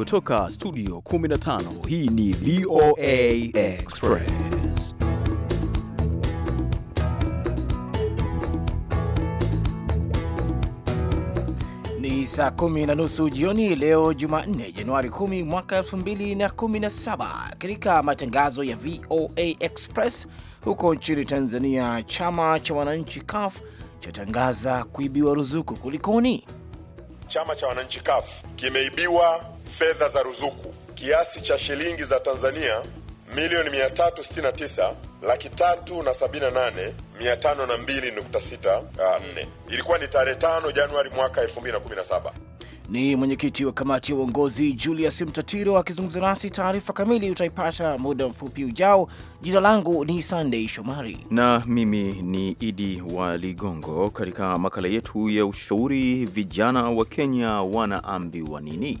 kutoka studio 15 hii ni VOA Express ni saa kumi na nusu jioni leo Jumanne Januari 10 mwaka 2017 katika matangazo ya VOA Express huko nchini Tanzania chama cha wananchi caf chatangaza kuibiwa ruzuku kulikoni Chama cha wananchi CUF kimeibiwa fedha za ruzuku kiasi cha shilingi za Tanzania milioni 369 laki tatu na ah, nne. Ilikuwa ni tarehe tano Januari mwaka 2017. Ni mwenyekiti wa kamati ya uongozi Julius Mtatiro akizungumza nasi. Taarifa kamili utaipata muda mfupi ujao. Jina langu ni Sunday Shomari na mimi ni Idi wa Ligongo. Katika makala yetu ya ushauri, vijana wa Kenya wanaambiwa nini?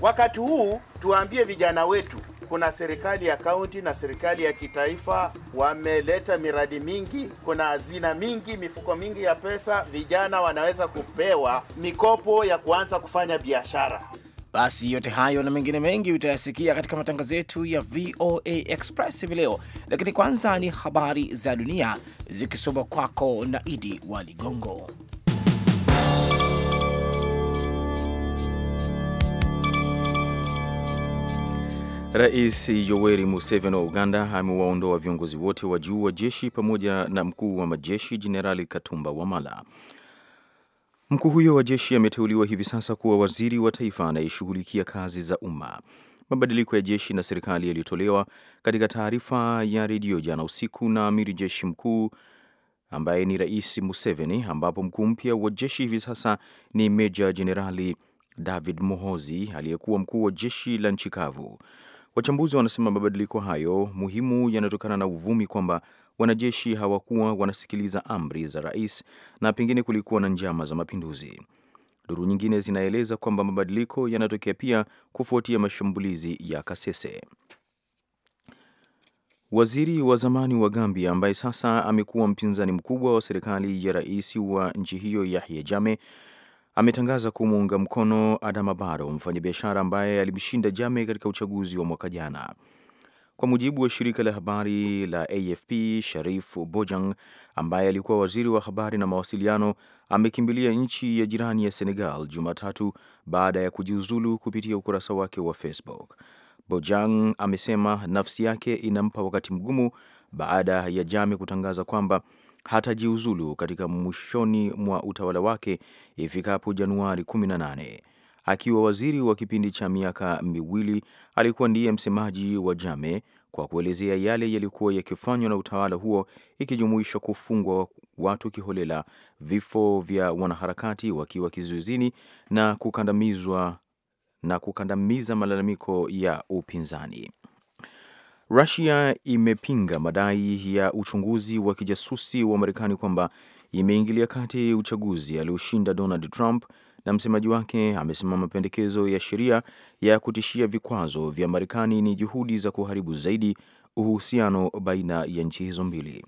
Wakati huu tuwaambie vijana wetu, kuna serikali ya kaunti na serikali ya kitaifa wameleta miradi mingi, kuna hazina mingi, mifuko mingi ya pesa, vijana wanaweza kupewa mikopo ya kuanza kufanya biashara. Basi yote hayo na mengine mengi utayasikia katika matangazo yetu ya VOA Express hivi leo, lakini kwanza ni habari za dunia zikisoma kwako na Idi wa Ligongo. Rais Yoweri Museveni wa Uganda amewaondoa viongozi wote wa juu wa jeshi pamoja na mkuu wa majeshi Jenerali Katumba Wamala. Mkuu huyo wa jeshi ameteuliwa hivi sasa kuwa waziri wa taifa anayeshughulikia kazi za umma. Mabadiliko ya jeshi na serikali yaliyotolewa katika taarifa ya redio jana usiku na amiri jeshi mkuu ambaye ni Rais Museveni, ambapo mkuu mpya wa jeshi hivi sasa ni Meja Jenerali David mohozi aliyekuwa mkuu wa jeshi la nchi kavu. Wachambuzi wanasema mabadiliko hayo muhimu yanatokana na uvumi kwamba wanajeshi hawakuwa wanasikiliza amri za rais na pengine kulikuwa na njama za mapinduzi. Duru nyingine zinaeleza kwamba mabadiliko yanatokea pia kufuatia mashambulizi ya Kasese. Waziri wa zamani wa Gambia ambaye sasa amekuwa mpinzani mkubwa wa serikali ya rais wa nchi hiyo Yahya Jammeh ametangaza kumuunga mkono Adama Barrow, mfanyabiashara ambaye alimshinda Jame katika uchaguzi wa mwaka jana. Kwa mujibu wa shirika la habari la AFP, Sharif Bojang ambaye alikuwa waziri wa habari na mawasiliano amekimbilia nchi ya jirani ya Senegal Jumatatu baada ya kujiuzulu kupitia ukurasa wake wa Facebook. Bojang amesema nafsi yake inampa wakati mgumu baada ya Jame kutangaza kwamba hatajiuzulu katika mwishoni mwa utawala wake ifikapo Januari 18. Akiwa waziri wa kipindi cha miaka miwili, alikuwa ndiye msemaji wa Jame kwa kuelezea yale yalikuwa yakifanywa na utawala huo, ikijumuisha kufungwa watu kiholela, vifo vya wanaharakati wakiwa kizuizini na kukandamizwa na kukandamiza malalamiko ya upinzani. Russia imepinga madai ya uchunguzi wa kijasusi wa Marekani kwamba imeingilia kati uchaguzi aliyoshinda Donald Trump, na msemaji wake amesema mapendekezo ya sheria ya kutishia vikwazo vya Marekani ni juhudi za kuharibu zaidi uhusiano baina ya nchi hizo mbili.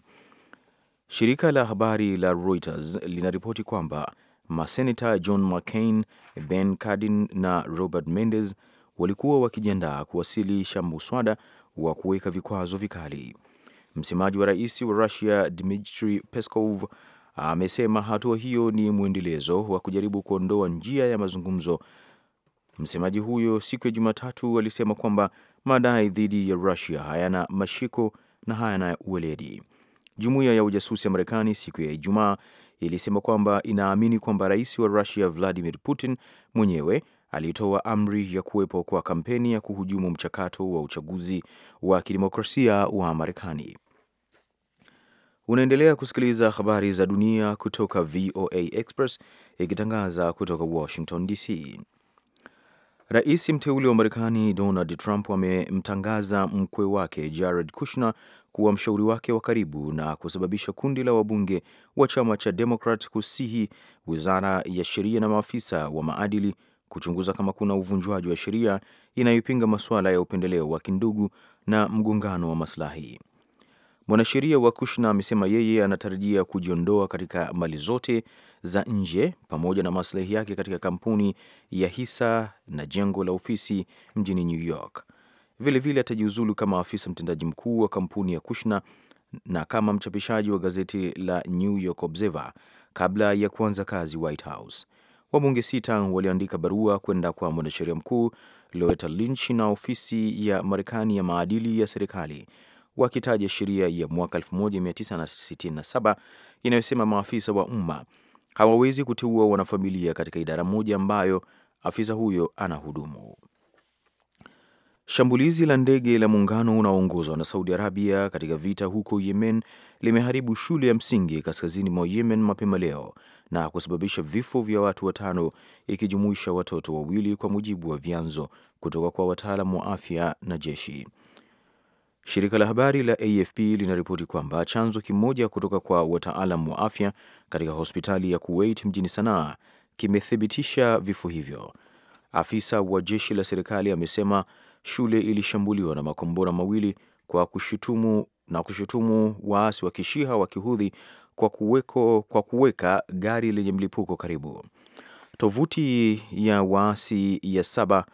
Shirika la habari la Reuters linaripoti kwamba maseneta John McCain, Ben Cardin na Robert Mendez walikuwa wakijiandaa kuwasilisha muswada wa kuweka vikwazo vikali. Msemaji wa rais wa Rusia Dmitri Peskov amesema hatua hiyo ni mwendelezo wa kujaribu kuondoa njia ya mazungumzo. Msemaji huyo siku ya Jumatatu alisema kwamba madai dhidi ya Rusia hayana mashiko na hayana uweledi. Jumuiya ya ujasusi ya Marekani siku ya Ijumaa ilisema kwamba inaamini kwamba rais wa Rusia Vladimir Putin mwenyewe alitoa amri ya kuwepo kwa kampeni ya kuhujumu mchakato wa uchaguzi wa kidemokrasia wa Marekani. Unaendelea kusikiliza habari za dunia kutoka VOA Express ikitangaza kutoka Washington DC. Rais mteule wa Marekani Donald Trump amemtangaza mkwe wake Jared Kushner kuwa mshauri wake wa karibu na kusababisha kundi la wabunge wa chama cha Demokrat kusihi wizara ya sheria na maafisa wa maadili kuchunguza kama kuna uvunjwaji wa sheria inayopinga masuala ya upendeleo wa kindugu na mgongano wa maslahi. Mwanasheria wa Kushna amesema yeye anatarajia kujiondoa katika mali zote za nje pamoja na maslahi yake katika kampuni ya hisa na jengo la ofisi mjini New York. Vilevile atajiuzulu kama afisa mtendaji mkuu wa kampuni ya Kushna na kama mchapishaji wa gazeti la New York Observer kabla ya kuanza kazi White House. Wabunge sita waliandika barua kwenda kwa mwanasheria mkuu Loretta Lynch na ofisi ya Marekani ya maadili ya serikali wakitaja sheria ya mwaka 1967 inayosema maafisa wa umma hawawezi kuteua wanafamilia katika idara moja ambayo afisa huyo anahudumu. Shambulizi la ndege la muungano unaoongozwa na Saudi Arabia katika vita huko Yemen limeharibu shule ya msingi kaskazini mwa Yemen mapema leo na kusababisha vifo vya watu watano ikijumuisha watoto wawili, kwa mujibu wa vyanzo kutoka kwa wataalam wa afya na jeshi. Shirika la habari la AFP linaripoti kwamba chanzo kimoja kutoka kwa wataalam wa afya katika hospitali ya Kuwait mjini Sanaa kimethibitisha vifo hivyo. Afisa wa jeshi la serikali amesema shule ilishambuliwa na makombora mawili kwa kushutumu, na kushutumu waasi wa kishiha wa kihudhi kwa, kuweko, kwa kuweka gari lenye mlipuko karibu. Tovuti ya waasi ya saba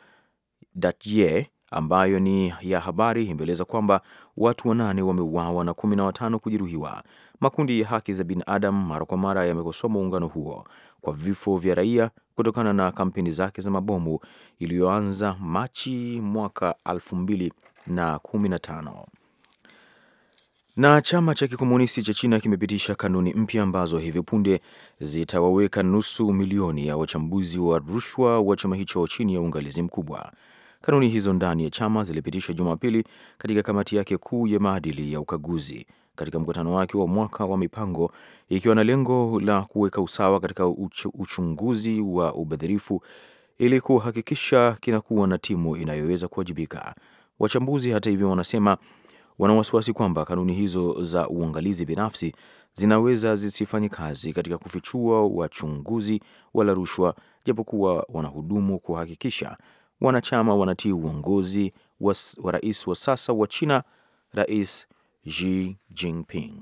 datye ambayo ni ya habari imeeleza kwamba watu wanane wameuawa na kumi na watano kujeruhiwa Makundi ya haki za binadamu mara kwa mara yamekosoa muungano huo kwa vifo vya raia kutokana na kampeni zake za mabomu iliyoanza Machi mwaka 2015. Na chama cha kikomunisti cha China kimepitisha kanuni mpya ambazo hivi punde zitawaweka nusu milioni ya wachambuzi wa rushwa wa chama hicho chini ya uangalizi mkubwa. Kanuni hizo ndani ya chama zilipitishwa Jumapili katika kamati yake kuu ya maadili ya ukaguzi katika mkutano wake wa mwaka wa mipango ikiwa na lengo la kuweka usawa katika uch uchunguzi wa ubadhirifu ili kuhakikisha kinakuwa na timu inayoweza kuwajibika. Wachambuzi hata hivyo, wanasema wana wasiwasi kwamba kanuni hizo za uangalizi binafsi zinaweza zisifanye kazi katika kufichua wachunguzi wala rushwa, japokuwa wanahudumu kuhakikisha wanachama wanatii uongozi wa rais wa sasa wa China, Rais Xi Jinping.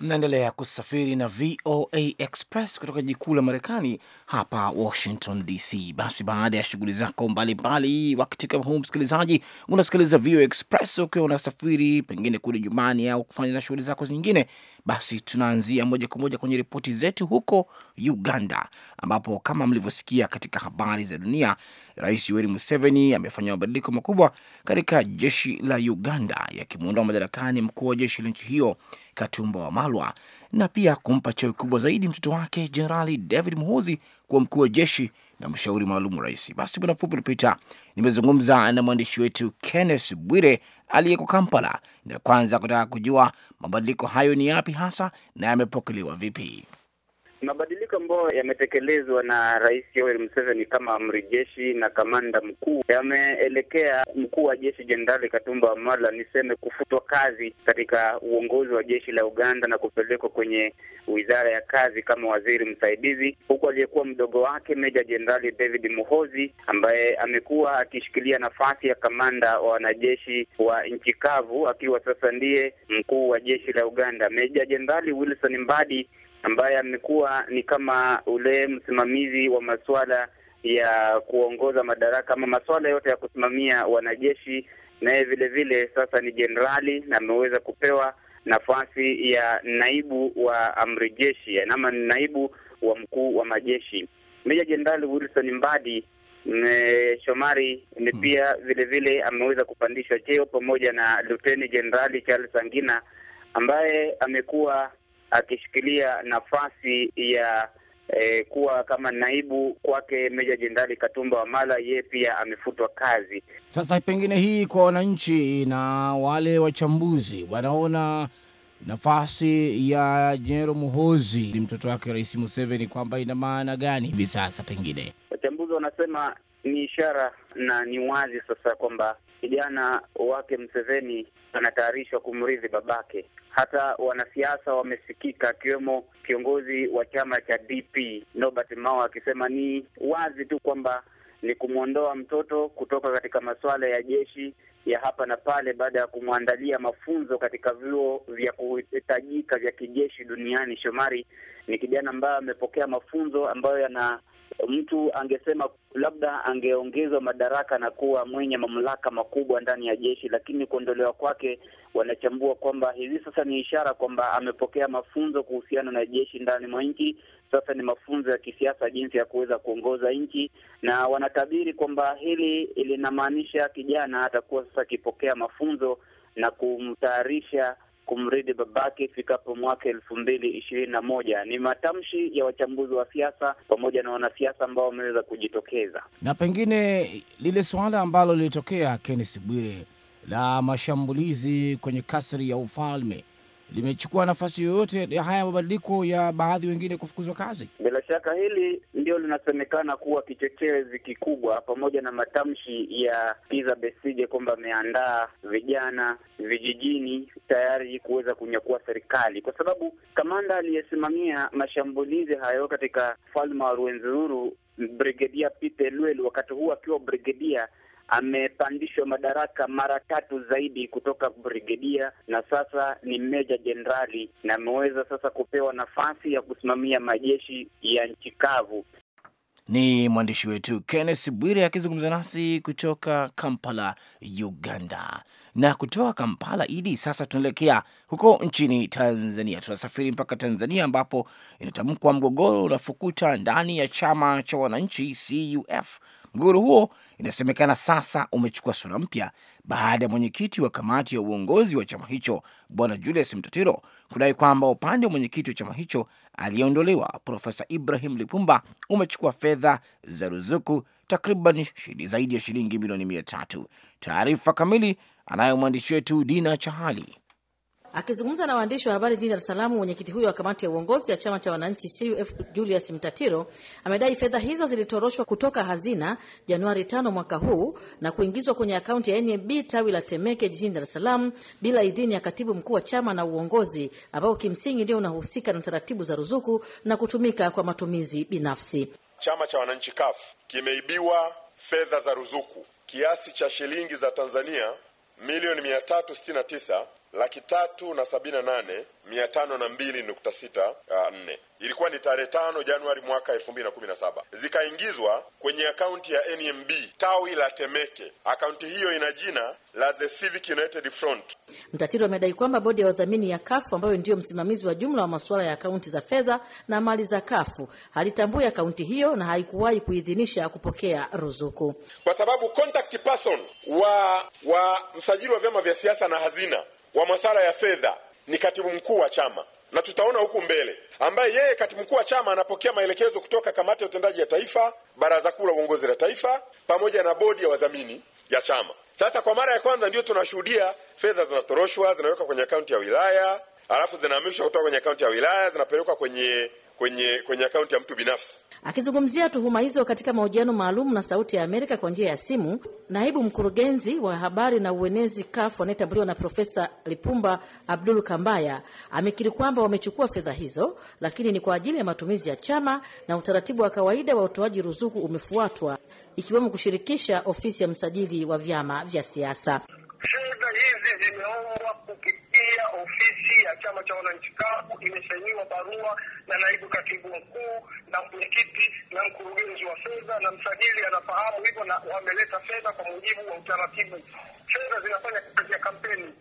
Mnaendelea kusafiri na VOA Express kutoka jikuu la Marekani hapa Washington DC. Basi baada ya shughuli zako mbalimbali, wakati kama huu, msikilizaji, unasikiliza VOA Express ukiwa unasafiri pengine kule nyumbani au kufanya na shughuli zako nyingine basi tunaanzia moja kwa moja kwenye ripoti zetu huko Uganda, ambapo kama mlivyosikia katika habari za dunia, Rais Yoweri Museveni amefanya mabadiliko makubwa katika jeshi la Uganda, yakimwondoa madarakani mkuu wa jeshi la nchi hiyo Katumba Wamalwa na pia kumpa cheo kikubwa zaidi mtoto wake Jenerali David Muhoozi kuwa mkuu wa jeshi na mshauri maalum rais. Basi muda mfupi uliopita nimezungumza na mwandishi wetu Kenneth Bwire aliyeko Kampala na kwanza kutaka kujua mabadiliko hayo ni yapi hasa na yamepokelewa vipi. Mabadiliko ambayo yametekelezwa na Rais Yoweri Museveni kama amri jeshi na kamanda mkuu yameelekea mkuu wa jeshi Jenerali Katumba Wamala niseme kufutwa kazi katika uongozi wa jeshi la Uganda na kupelekwa kwenye wizara ya kazi kama waziri msaidizi, huku aliyekuwa mdogo wake Meja Jenerali David Muhozi ambaye amekuwa akishikilia nafasi ya kamanda wa wanajeshi wa nchi kavu akiwa sasa ndiye mkuu wa jeshi la Uganda. Meja Jenerali Wilson Mbadi ambaye amekuwa ni kama ule msimamizi wa masuala ya kuongoza madaraka ama masuala yote ya kusimamia wanajeshi, naye vile vile sasa ni jenerali na ameweza kupewa nafasi ya naibu wa amri jeshi ama naibu wa mkuu wa majeshi. Meja Jenerali Wilson Mbadi eh, Shomari ni hmm. pia vile vile ameweza kupandishwa cheo pamoja na Luteni Jenerali Charles Angina ambaye amekuwa akishikilia nafasi ya eh, kuwa kama naibu kwake Meja Jenerali Katumba Wamala, yeye pia amefutwa kazi. Sasa pengine hii kwa wananchi na wale wachambuzi wanaona nafasi ya Jenero Muhozi, ni mtoto wake Rais Museveni, kwamba ina maana gani hivi sasa? Pengine wachambuzi wanasema ni ishara na ni wazi sasa kwamba kijana wake Mseveni anatayarishwa kumrithi babake. Hata wanasiasa wamesikika akiwemo kiongozi wa chama cha DP Norbert Mao akisema ni wazi tu kwamba ni kumwondoa mtoto kutoka katika masuala ya jeshi ya hapa na pale baada ya kumwandalia mafunzo katika vyuo vya kuhitajika vya kijeshi duniani. Shomari ni kijana ambaye amepokea mafunzo ambayo yana mtu angesema labda angeongezwa madaraka na kuwa mwenye mamlaka makubwa ndani ya jeshi, lakini kuondolewa kwake, wanachambua kwamba hivi sasa ni ishara kwamba amepokea mafunzo kuhusiana na jeshi ndani mwa nchi. Sasa ni mafunzo ya kisiasa, jinsi ya kuweza kuongoza nchi, na wanatabiri kwamba hili linamaanisha kijana atakuwa sasa akipokea mafunzo na kumtayarisha kumridi babake ifikapo mwaka elfu mbili ishirini na moja. Ni matamshi ya wachambuzi wa siasa pamoja na wanasiasa ambao wameweza kujitokeza, na pengine lile suala ambalo lilitokea Kenneth Bwire la mashambulizi kwenye kasri ya ufalme limechukua nafasi yoyote ya haya mabadiliko ya baadhi wengine kufukuzwa kazi? Bila shaka hili ndio linasemekana kuwa kichochezi kikubwa, pamoja na matamshi ya Kiza Besije kwamba ameandaa vijana vijijini tayari kuweza kunyakua serikali, kwa sababu kamanda aliyesimamia mashambulizi hayo katika falma wa Rwenzururu, Brigedia Pite Lwelu, wakati huo akiwa brigedia amepandishwa madaraka mara tatu zaidi kutoka brigedia na sasa ni meja jenerali, na ameweza sasa kupewa nafasi ya kusimamia majeshi ya nchi kavu. Ni mwandishi wetu kennes Bwire akizungumza nasi kutoka Kampala, Uganda. Na kutoka Kampala idi sasa tunaelekea huko nchini Tanzania, tunasafiri mpaka Tanzania ambapo inatamkwa mgogoro unafukuta ndani ya chama cha wananchi CUF Mgogoro huo inasemekana sasa umechukua sura mpya baada ya mwenyekiti wa kamati ya uongozi wa chama hicho Bwana Julius Mtatiro kudai kwamba upande wa mwenyekiti wa chama hicho aliyeondolewa Profesa Ibrahim Lipumba umechukua fedha za ruzuku takriban zaidi ya shilingi milioni mia tatu. Taarifa kamili anayo mwandishi wetu Dina Chahali. Akizungumza na waandishi wa habari jijini Dar es Salaam, mwenyekiti huyo wa kamati ya uongozi ya chama cha wananchi CUF Julius Mtatiro amedai fedha hizo zilitoroshwa kutoka hazina Januari tano mwaka huu na kuingizwa kwenye akaunti ya NMB tawi la Temeke jijini Dar es Salaam bila idhini ya katibu mkuu wa chama na uongozi, ambao kimsingi ndio unahusika na taratibu za ruzuku na kutumika kwa matumizi binafsi. Chama cha wananchi kafu kimeibiwa fedha za ruzuku kiasi cha shilingi za Tanzania milioni 369 laki tatu na sabini na nane mia tano na mbili nukta sita ah, nne ilikuwa ni tarehe tano Januari mwaka elfu mbili na kumi na saba zikaingizwa kwenye akaunti ya NMB e tawi la Temeke. Akaunti hiyo ina jina la The Civic United Front. Mtatiri amedai kwamba bodi ya wadhamini ya kafu ambayo ndiyo msimamizi wa jumla wa masuala ya akaunti za fedha na mali za kafu halitambui akaunti hiyo na haikuwahi kuidhinisha kupokea ruzuku, kwa sababu contact person wa wa msajili wa vyama vya siasa na hazina wa masuala ya fedha ni katibu mkuu wa chama na tutaona huku mbele, ambaye yeye katibu mkuu wa chama anapokea maelekezo kutoka kamati ya utendaji ya taifa, baraza kuu la uongozi la taifa, pamoja na bodi ya wadhamini ya chama. Sasa kwa mara ya kwanza ndio tunashuhudia fedha zinatoroshwa, zinawekwa kwenye akaunti ya wilaya, alafu zinahamishwa kutoka kwenye akaunti ya wilaya zinapelekwa kwenye kwenye kwenye akaunti ya mtu binafsi. Akizungumzia tuhuma hizo katika mahojiano maalum na Sauti ya Amerika kwa njia ya simu, naibu mkurugenzi wa habari na uenezi CAF anayetambuliwa na Profesa Lipumba Abdul Kambaya amekiri kwamba wamechukua fedha hizo, lakini ni kwa ajili ya matumizi ya chama na utaratibu wa kawaida wa utoaji ruzuku umefuatwa, ikiwemo kushirikisha ofisi ya msajili wa vyama vya siasa. Fedha hizi zimeombwa pia ofisi ya chama cha wananchi kafu imesainiwa barua na naibu katibu mkuu na mwenyekiti na mkurugenzi wa fedha na msajili anafahamu hivyo, na wameleta fedha kwa mujibu wa utaratibu. Fedha zinafanya kazi ya kampeni.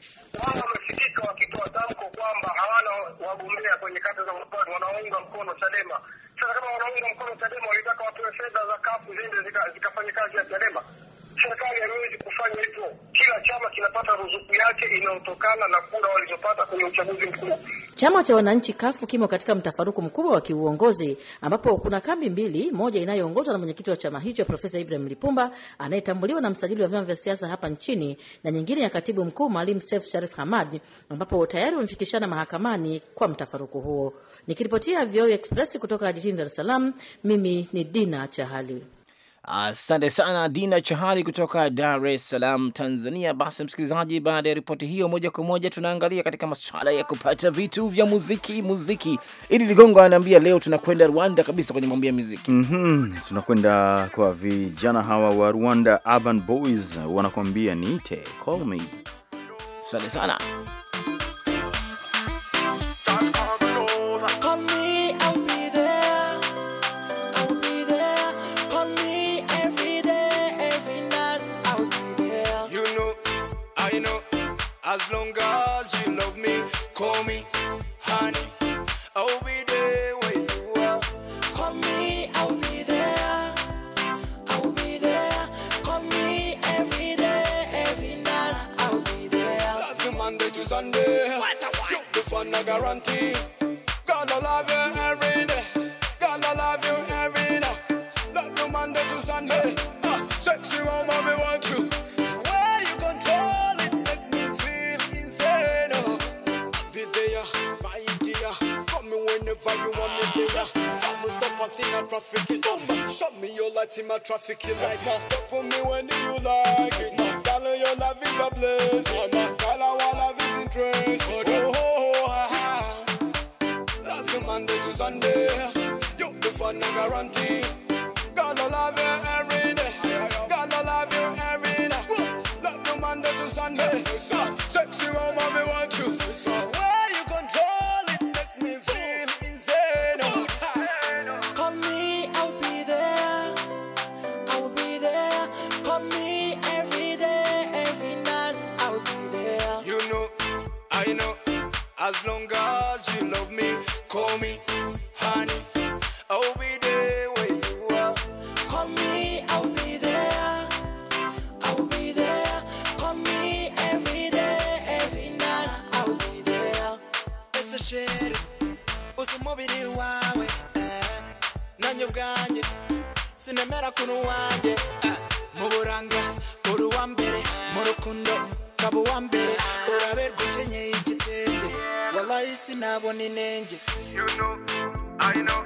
Wao wamesikika wakitoa tamko kwamba hawana wagombea kwenye kata za mkoa, wanaunga mkono Chadema. Sasa kama wanaunga mkono Chadema, walitaka watoe fedha za kafu ziende zikafanya kazi ya Chadema serikali haiwezi kufanya hivyo. Kila chama kinapata ruzuku yake inayotokana na kura walizopata kwenye uchaguzi mkuu. Chama cha wananchi kafu kimo katika mtafaruku mkubwa wa kiuongozi ambapo kuna kambi mbili, moja inayoongozwa na mwenyekiti wa chama hicho Profesa Ibrahim Lipumba anayetambuliwa na msajili wa vyama vya siasa hapa nchini na nyingine ya katibu mkuu Mwalimu Seif Sharif Hamad, ambapo tayari wamefikishana mahakamani kwa mtafaruku huo. Nikiripotia VOA e Express kutoka jijini Dar es Salaam, mimi ni Dina Chahali. Asante sana Dina Chahali kutoka Dar es Salaam, Tanzania. Basi msikilizaji, baada ya ripoti hiyo, moja kwa moja tunaangalia katika masuala ya kupata vitu vya muziki. Muziki ili Ligongo anaambia leo tunakwenda Rwanda kabisa kwenye mambo ya muziki. mm -hmm. Tunakwenda kwa vijana hawa wa Rwanda, Urban Boys wanakuambia niite call me. Asante sana. as long Stuck with me when you like it. My girl? your love is a blessing. My darling, our life is interesting. Oh, oh, oh, oh, ha, ha. Love you Monday to Sunday. You be fun, no guarantee. Girl I love you every day. Girl I love you every night. Love you Monday to Sunday. Sexy mama, me want you. on me, honey. I'll oh, be there where you are. Call me, I'll be there. I'll be there. Call me every day, every night. I'll be there. It's a shit. Usumubiri wawe eh. Nanyo bwanje sinemera kunu wanje eh. Muburanga uri uwa mbere mu rukundo ukaba uwa mbere wallahi sinabona inenge you know i know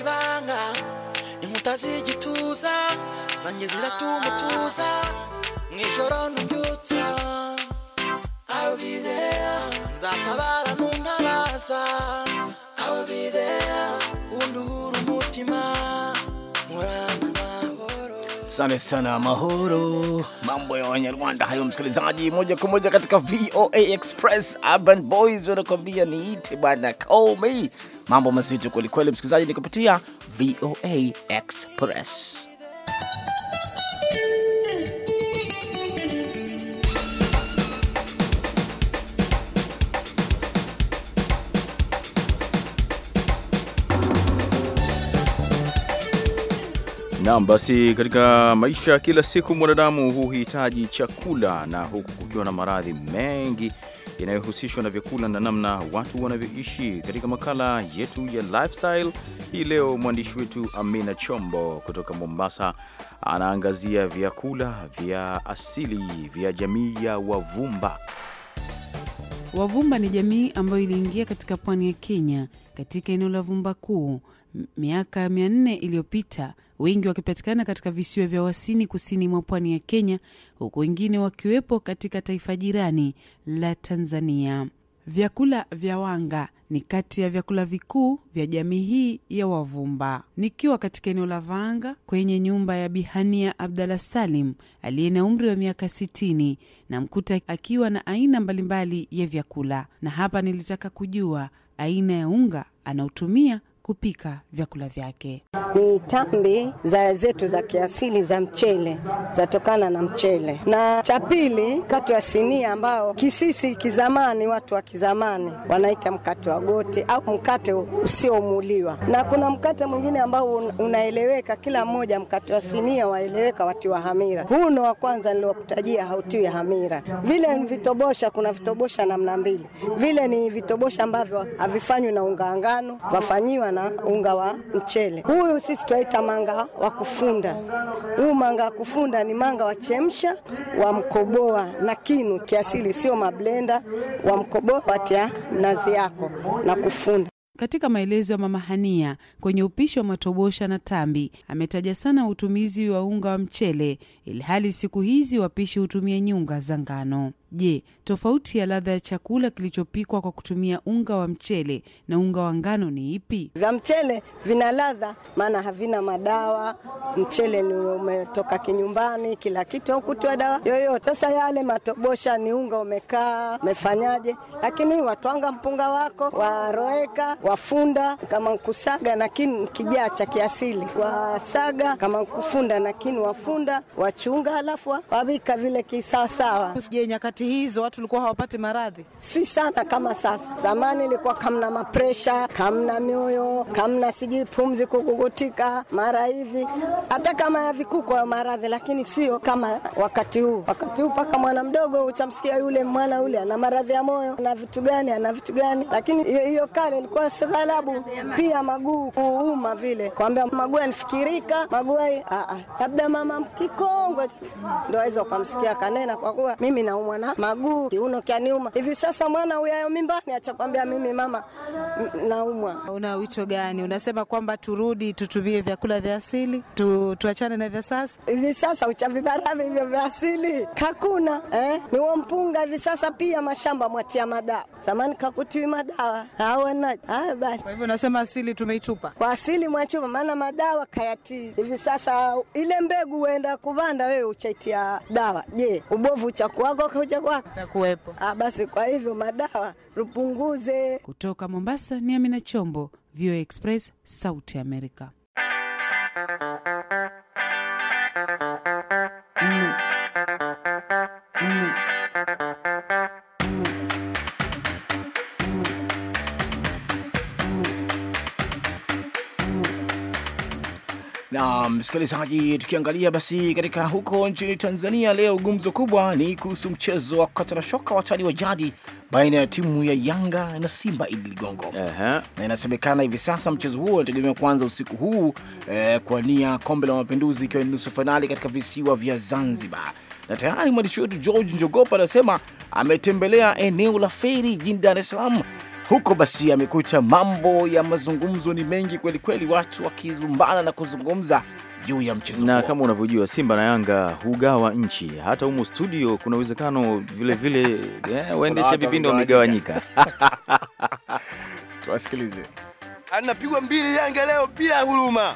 ibanga inkuta z'igituza zanjye ziratumutuza mu ijoro ntubyutsa I'll be there nzatabara ntuntabaza I'll be umuntu Sane sana Mahoro, mambo ya Wanyarwanda hayo, msikilizaji, moja kwa moja katika VOA Express. Urban Boys wanakuambia niite bwana, call Mambo mazito kwelikweli, msikilizaji, ni kupitia VOA Express. Naam, basi katika maisha ya kila siku mwanadamu huhitaji chakula, na huku kukiwa na maradhi mengi yanayohusishwa na vyakula na namna watu wanavyoishi. Katika makala yetu ya lifestyle hii leo, mwandishi wetu Amina Chombo kutoka Mombasa anaangazia vyakula vya asili vya jamii ya Wavumba. Wavumba ni jamii ambayo iliingia katika pwani ya Kenya katika eneo la Vumba Kuu miaka mia nne iliyopita wengi wakipatikana katika visiwa vya Wasini kusini mwa pwani ya Kenya, huku wengine wakiwepo katika taifa jirani la Tanzania. Vyakula vya wanga ni kati ya vyakula vikuu vya jamii hii ya Wavumba. Nikiwa katika eneo la Vanga kwenye nyumba ya Bihania Abdalla Salim aliye na umri wa miaka sitini, na mkuta akiwa na aina mbalimbali ya vyakula, na hapa nilitaka kujua aina ya unga anaotumia kupika vyakula vyake. Ni tambi za zetu za kiasili za mchele, zatokana na mchele. Na cha pili, mkate wa sinia ambao kisisi kizamani, watu wa kizamani wanaita mkate wa goti au mkate usiomuliwa, na kuna mkate mwingine ambao unaeleweka kila mmoja. Mkate wa sinia waeleweka watiwa hamira, huu ndo wa kwanza niliokutajia, hautiwi hamira. Vile ni vitobosha, kuna vitobosha namna mbili, vile ni vitobosha ambavyo havifanywi na unga ngano, vafanyiwa na sana unga wa mchele. Huyu sisi tunaita manga wa kufunda. Huu manga wa kufunda ni manga wa chemsha wa mkoboa na kinu kiasili, sio mablenda, wa mkoboa watia nazi yako na kufunda. Katika maelezo ya Mama Hania kwenye upishi wa matobosha na tambi, ametaja sana utumizi wa unga wa mchele, ilhali siku hizi wapishi hutumia nyunga za ngano. Je, tofauti ya ladha ya chakula kilichopikwa kwa kutumia unga wa mchele na unga wa ngano ni ipi? Vya mchele vina ladha, maana havina madawa. Mchele ni umetoka kinyumbani, kila kitu, aukutiwa dawa yoyote. Sasa yale matobosha ni unga umekaa, umefanyaje? Lakini watwanga mpunga wako, waroeka, wafunda kama nkusaga, lakini kijaa cha kiasili, wasaga kama nkufunda, lakini wafunda, wachunga, halafu wabika vile kisawasawa nyakati hizo watu walikuwa hawapati maradhi, si sana kama sasa. Zamani ilikuwa kamna mapresha, kamna mioyo, kamna sijui pumzi kugugutika, mara hivi hata kama ya vikuko ya maradhi, lakini sio kama wakati huu. Wakati huu mpaka mwana mdogo uchamsikia yule mwana ule ana maradhi ya moyo na vitu gani, ana vitu gani. Lakini hiyo kale ilikuwa si pia maguu kuuma vile, kwambia maguu yanifikirika, maguu ah, ah, labda mama kikongwe ndo aweza ukamsikia kanena, kwa kuwa mimi naumwa na na maguu, kiuno kyaniuma. Hivi sasa mwana uyayo mimbani achakwambia mimi mama naumwa. Una wito gani? Unasema kwamba turudi tutumie vyakula vya asili tu, tuachane na vya sasa. Hivi sasa uchavi baravi hivyo vya asili hakuna eh? Ni wampunga hivi sasa, pia mashamba mwatia madawa zamani kakutui madawa hawana ah, Basi kwa hivyo unasema asili tumeitupa, kwa asili mwachupa, maana madawa kayatii hivi sasa. Ile mbegu uenda kuvanda wewe uchaitia dawa, je ubovu uchakuwako kuja kwako takuwepo. Ah, basi kwa hivyo madawa tupunguze. Kutoka Mombasa ni Amina Chombo, VOA Express, Sauti Amerika. na msikilizaji, tukiangalia basi katika huko nchini Tanzania leo, gumzo kubwa ni kuhusu mchezo wa na shoka watani wa jadi baina ya timu ya Yanga na Simba Idi Ligongo. uh -huh. Na inasemekana hivi sasa mchezo huo unategemea kuanza usiku huu eh, kwa nia kombe la mapinduzi ikiwa ni nusu fainali katika visiwa vya Zanzibar, na tayari mwandishi wetu George Njogopa anasema ametembelea eneo la feri jijini Dar es Salaam huko basi amekuta mambo ya mazungumzo ni mengi kweli kweli, watu wakizumbana na kuzungumza juu ya mchezo na kama unavyojua Simba na Yanga hugawa nchi. Hata humo studio kuna uwezekano vilevile eh, waendesha vipindi wamegawanyika. Tuwasikilize. Anapigwa mbili Yanga leo bila huruma.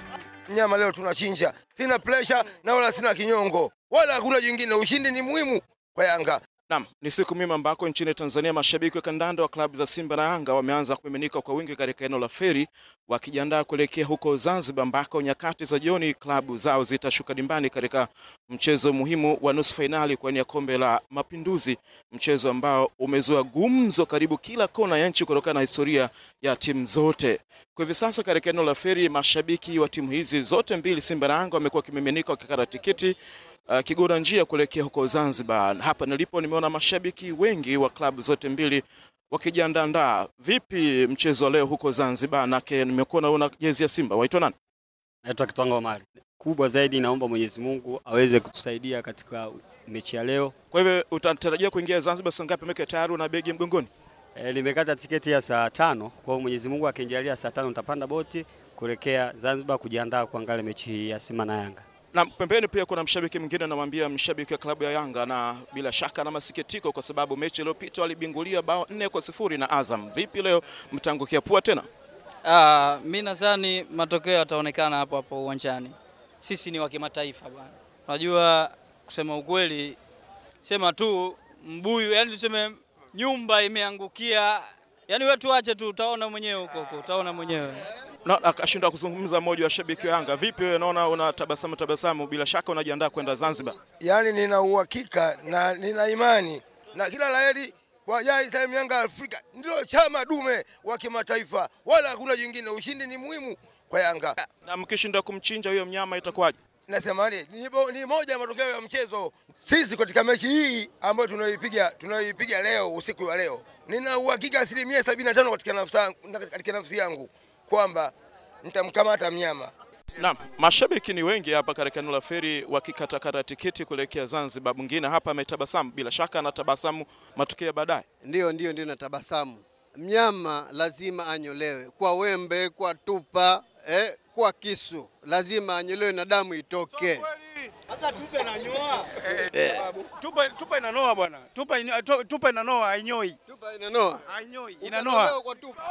Nyama leo tunachinja, sina presha na wala sina kinyongo wala hakuna jingine. Ushindi ni muhimu kwa Yanga, Naam, ni siku mima ambako nchini Tanzania mashabiki wa kandanda wa klabu za Simba na Yanga wameanza kumiminika kwa wingi katika eneo la Feri wakijiandaa kuelekea huko Zanzibar ambako nyakati za jioni klabu zao zitashuka dimbani katika mchezo muhimu wa nusu fainali kwa ya kombe la Mapinduzi, mchezo ambao umezua gumzo karibu kila kona ya nchi kutokana na historia ya timu zote. Kwa hivi sasa katika eneo la Feri, mashabiki wa timu hizi zote mbili, Simba na Yanga, wamekuwa wakimiminika wakikata tiketi uh, Kigura njia kuelekea huko Zanzibar. Hapa nilipo nimeona mashabiki wengi wa klabu zote mbili wakijiandaandaa. Vipi mchezo leo huko Zanzibar? Nake nimekuwa naona jezi ya Simba, waitwa nani? Naitwa Kitwango Omari. Kubwa zaidi, naomba Mwenyezi Mungu aweze kutusaidia katika mechi ya leo. Kwa hivyo utatarajia kuingia Zanzibar saa ngapi? Meke tayari una begi mgongoni? E, eh, limekata tiketi ya saa tano. Kwa hiyo Mwenyezi Mungu akijalia saa tano nitapanda boti kuelekea Zanzibar kujiandaa kuangalia mechi hii ya Simba na Yanga. Na pembeni pia kuna mshabiki mwingine anamwambia mshabiki wa klabu ya Yanga, na bila shaka na masikitiko, kwa sababu mechi iliyopita walibingulia bao nne kwa sifuri na Azam. Vipi leo mtangukia pua tena? Ah, mi nadhani matokeo yataonekana hapo hapo uwanjani. Sisi ni wa kimataifa bwana, unajua kusema ukweli, sema tu mbuyu, yani tuseme nyumba imeangukia, yani wewe tuache tu, utaona mwenyewe huko huko, utaona mwenyewe na akashindwa kuzungumza mmoja wa shabiki wa Yanga. Vipi wewe, naona una tabasamu tabasamu, bila shaka unajiandaa kwenda Zanzibar. Yaani nina uhakika na nina imani na kila laheri kwa ajali time Yanga Afrika ndio chama dume wa kimataifa, wala hakuna jingine. Ushindi ni muhimu kwa Yanga, na mkishinda kumchinja huyo mnyama itakuwaje? Nasema ni moja ya matokeo ya mchezo. Sisi katika mechi hii ambayo tunaoipiga tunaoipiga leo usiku wa leo, nina uhakika asilimia 75 katika nafsi yangu kwamba nitamkamata mnyama. Naam, mashabiki ni wengi hapa katika eneo la feri wakikatakata tiketi kuelekea Zanzibar. Mwingine hapa ametabasamu, bila shaka anatabasamu matukio ya baadaye. ndio ndio ndio natabasamu. Mnyama lazima anyolewe kwa wembe, kwa tupa eh, kwa kisu, lazima anyolewe na damu itoke. Sasa tupa eh. inanyoa. Eh. Tupa tupa inanoa bwana. Tupa tupa inanoa hainyoi. Tupa inanoa. Hainyoi. Inanoa. Kwa tupa.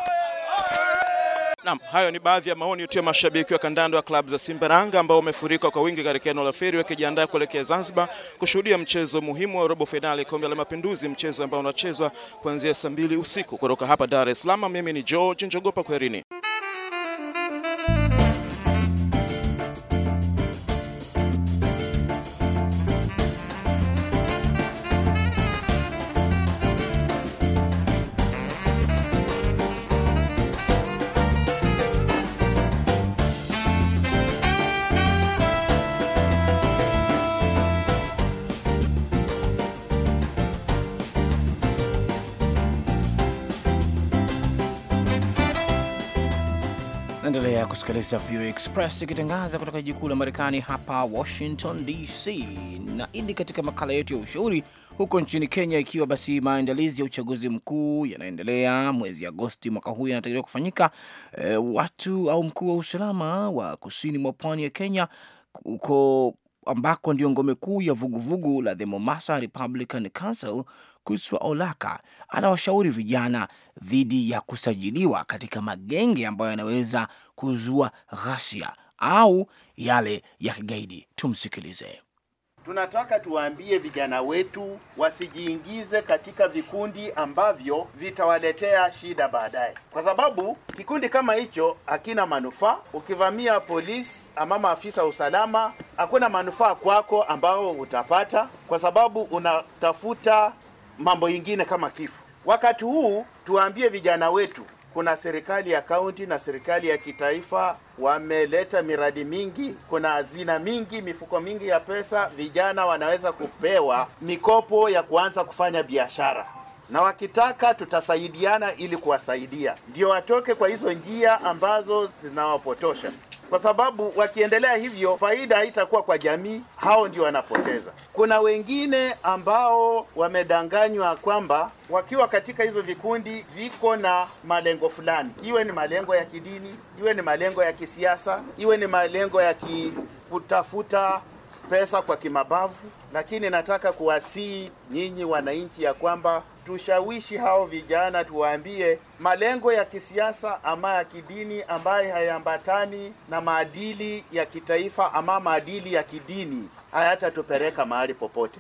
Naam, hayo ni baadhi ya maoni tu ya mashabiki wa kandanda wa klabu za Simba na Yanga ambao wamefurika kwa wingi katika eneo la Feri wakijiandaa kuelekea Zanzibar kushuhudia mchezo muhimu wa robo fainali kombe la Mapinduzi, mchezo ambao unachezwa kuanzia saa mbili usiku kutoka hapa Dar es Salaam. Mimi ni George Njogopa, kwaherini. Naendelea kusikiliza VOA Express ikitangaza kutoka jiji kuu la Marekani hapa Washington DC, na idi katika makala yetu ya ushauri huko nchini Kenya, ikiwa basi maandalizi ya uchaguzi mkuu yanaendelea mwezi Agosti mwaka huu yanatarajiwa kufanyika. E, watu au mkuu wa usalama wa kusini mwa pwani ya Kenya huko ambako ndio ngome kuu ya vuguvugu vugu la the Mombasa Republican Council, Kuswa Olaka anawashauri vijana dhidi ya kusajiliwa katika magenge ambayo yanaweza kuzua ghasia au yale ya kigaidi. Tumsikilize. Tunataka tuwaambie vijana wetu wasijiingize katika vikundi ambavyo vitawaletea shida baadaye, kwa sababu kikundi kama hicho hakina manufaa. Ukivamia polisi ama maafisa usalama, hakuna manufaa kwako ambao utapata, kwa sababu unatafuta mambo ingine kama kifo. Wakati huu tuwaambie vijana wetu kuna serikali ya kaunti na serikali ya kitaifa wameleta miradi mingi, kuna hazina mingi, mifuko mingi ya pesa. Vijana wanaweza kupewa mikopo ya kuanza kufanya biashara, na wakitaka tutasaidiana ili kuwasaidia ndio watoke kwa hizo njia ambazo zinawapotosha kwa sababu wakiendelea hivyo faida haitakuwa kwa jamii, hao ndio wanapoteza. Kuna wengine ambao wamedanganywa kwamba wakiwa katika hizo vikundi viko na malengo fulani, iwe ni malengo ya kidini, iwe ni malengo ya kisiasa, iwe ni malengo ya kutafuta pesa kwa kimabavu, lakini nataka kuwasihi nyinyi wananchi ya kwamba tushawishi hao vijana, tuwaambie malengo ya kisiasa ama ya kidini ambayo hayaambatani na maadili ya kitaifa ama maadili ya kidini hayatatupeleka mahali popote,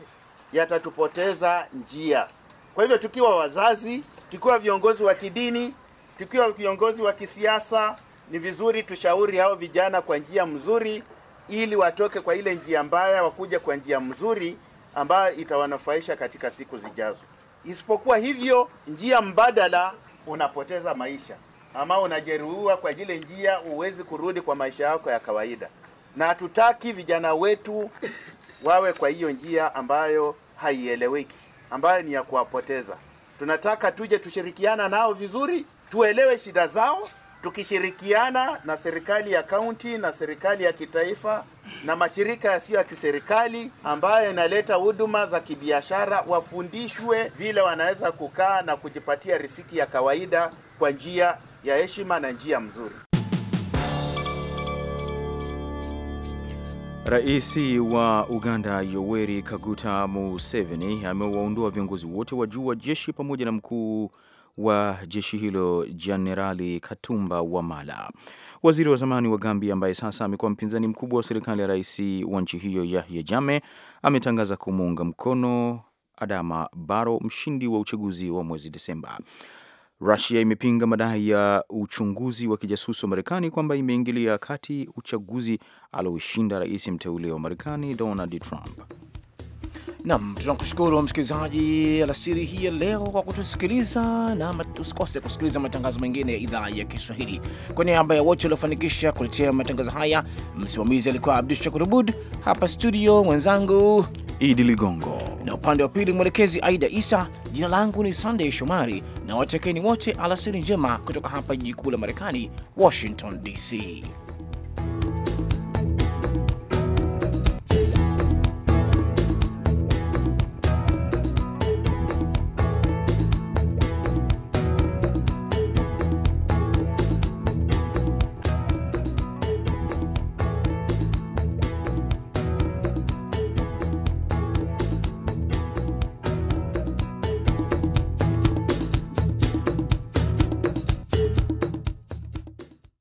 yatatupoteza njia. Kwa hivyo tukiwa wazazi, tukiwa viongozi wa kidini, tukiwa viongozi wa kisiasa, ni vizuri tushauri hao vijana kwa njia mzuri ili watoke kwa ile njia mbaya wakuja kwa njia mzuri ambayo itawanufaisha katika siku zijazo. Isipokuwa hivyo, njia mbadala unapoteza maisha ama unajeruhiwa kwa ile njia, huwezi kurudi kwa maisha yako ya kawaida, na hatutaki vijana wetu wawe kwa hiyo njia ambayo haieleweki, ambayo ni ya kuwapoteza. Tunataka tuje tushirikiana nao vizuri, tuelewe shida zao tukishirikiana na serikali ya kaunti na serikali ya kitaifa na mashirika yasiyo ya kiserikali ambayo inaleta huduma za kibiashara, wafundishwe vile wanaweza kukaa na kujipatia risiki ya kawaida kwa njia ya heshima na njia mzuri. Rais wa Uganda Yoweri Kaguta Museveni amewaondoa viongozi wote wa juu wa jeshi pamoja na mkuu wa jeshi hilo Jenerali Katumba Wamala. Waziri wa zamani wa Gambia ambaye sasa amekuwa mpinzani mkubwa wa serikali ya rais wa nchi hiyo Yahya Jammeh ametangaza kumuunga mkono Adama Barrow, mshindi wa uchaguzi wa mwezi Desemba. Rusia imepinga madai ya uchunguzi wa kijasusi wa Marekani kwamba imeingilia kati uchaguzi alioshinda rais mteule wa Marekani Donald Trump. Nam, tunakushukuru msikilizaji alasiri hii ya leo kwa kutusikiliza, na usikose kusikiliza matangazo mengine ya idhaa ya Kiswahili. Kwa niaba ya wote waliofanikisha kuletea matangazo haya, msimamizi alikuwa Abdu Shakur Abud, hapa studio mwenzangu Idi Ligongo na upande wa pili mwelekezi Aida Isa. Jina langu ni Sandey Shomari na watekeni wote alasiri njema kutoka hapa jiji kuu la Marekani, Washington DC.